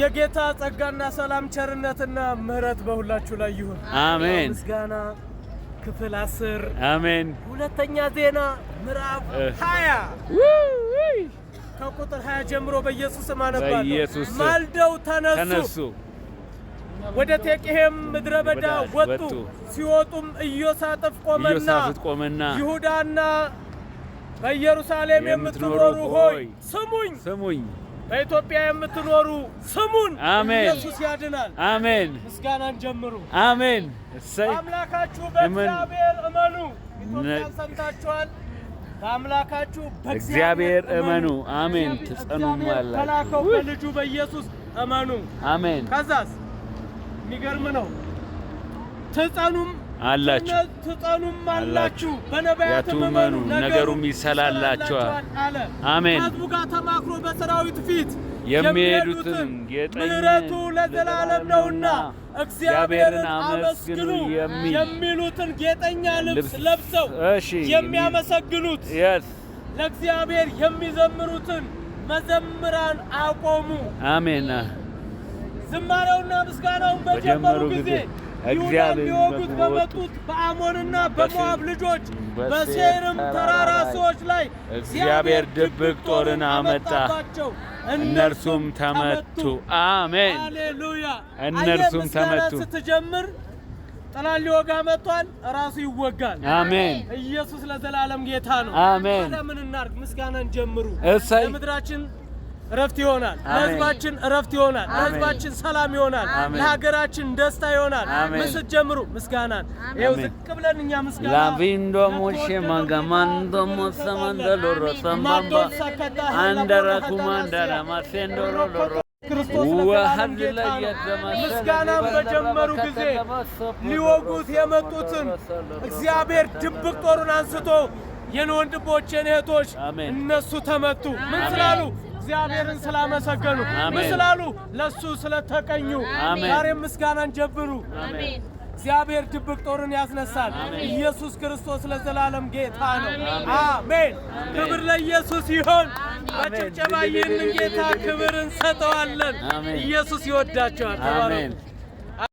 የጌታ ጸጋና ሰላም ቸርነትና ምሕረት በሁላችሁ ላይ ይሁን። አሜን። ምስጋና ክፍል አስር አሜን። ሁለተኛ ዜና ምዕራፍ 20 ከቁጥር 20 ጀምሮ በኢየሱስ ስም አነባለሁ። ማልደው ተነሱ፣ ወደ ቴቄሄም ምድረ በዳ ወጡ። ሲወጡም ኢዮሳፍጥ ቆመና ይሁዳና በኢየሩሳሌም የምትኖሩ ሆይ ስሙኝ ስሙኝ በኢትዮጵያ የምትኖሩ ስሙን። አሜን። ኢየሱስ ያድናል። አሜን። ምስጋናን ጀምሩ። አሜን። አምላካችሁ በእግዚአብሔር እመኑ። ኢትዮጵያን ሰምታችኋል። በአምላካችሁ በእግዚአብሔር እመኑ። አሜን። ትጸኑም ትጸኑማላችሁ። በላከው በልጁ በኢየሱስ እመኑ። አሜን። ከዛስ የሚገርም ነው። ትጸኑም አላችሁ ትጠሉም አላችሁ በነቢያት እመኑ ነገሩም ይሰላላችኋል አሜን። ከሕዝቡ ጋር ተማክሮ በሰራዊት ፊት የሚሄዱትን ምሕረቱ ለዘላለም ነውና እግዚአብሔርን አመስግኑ የሚሉትን ጌጠኛ ልብስ ለብሰው የሚያመሰግኑት ለእግዚአብሔር የሚዘምሩትን መዘምራን አቆሙ። አሜን። ዝማሬውና ምስጋናውን በጀመሩ ጊዜ ይሁዳን ሊወጉት በመጡት በአሞንና ልጆች በሴርም ተራራ ሰዎች ላይ እግዚአብሔር ድብቅ ጦርን አመጣባቸው፣ እነርሱም ተመቱ። አሜን ሃሌሉያ። እነርሱም ተመቱ። ስትጀምር ጠላት ሊወጋ መጥቷል፣ ራሱ ይወጋል። አሜን። ኢየሱስ ለዘላለም ጌታ ነው። አሜን። ምን እናርግ? ምስጋናን ጀምሩ። እሰይ እረፍት ይሆናል። ለህዝባችን እረፍት ይሆናል። ለህዝባችን ሰላም ይሆናል። ለሀገራችን ደስታ ይሆናል። ስትጀምሩ ምስጋናን ዝቅ ብለን እኛ ምስጋና ላቪንዶ ሞሼ ማጋማንዶ ሞሰማንደሎሮ ሰማባ አንደራኩማንደራ ማሴንዶሮሎሮ ምስጋናም በጀመሩ ጊዜ ሊወጉት የመጡትን እግዚአብሔር ድብቅ ጦሩን አንስቶ የኔ ወንድሞቼን እህቶች እነሱ ተመቱ። ምን ስላሉ? እግዚአብሔርን ስላመሰገኑ። ምን ስላሉ? ለእሱ ስለተቀኙ። ዛሬም ምስጋናን ጀብሩ። እግዚአብሔር ድብቅ ጦርን ያስነሳል። ኢየሱስ ክርስቶስ ለዘላለም ጌታ ነው። አሜን። ክብር ለኢየሱስ ይሆን። በጭብጨባ ይህንን ጌታ ክብር እንሰጠዋለን። ኢየሱስ ይወዳቸዋል።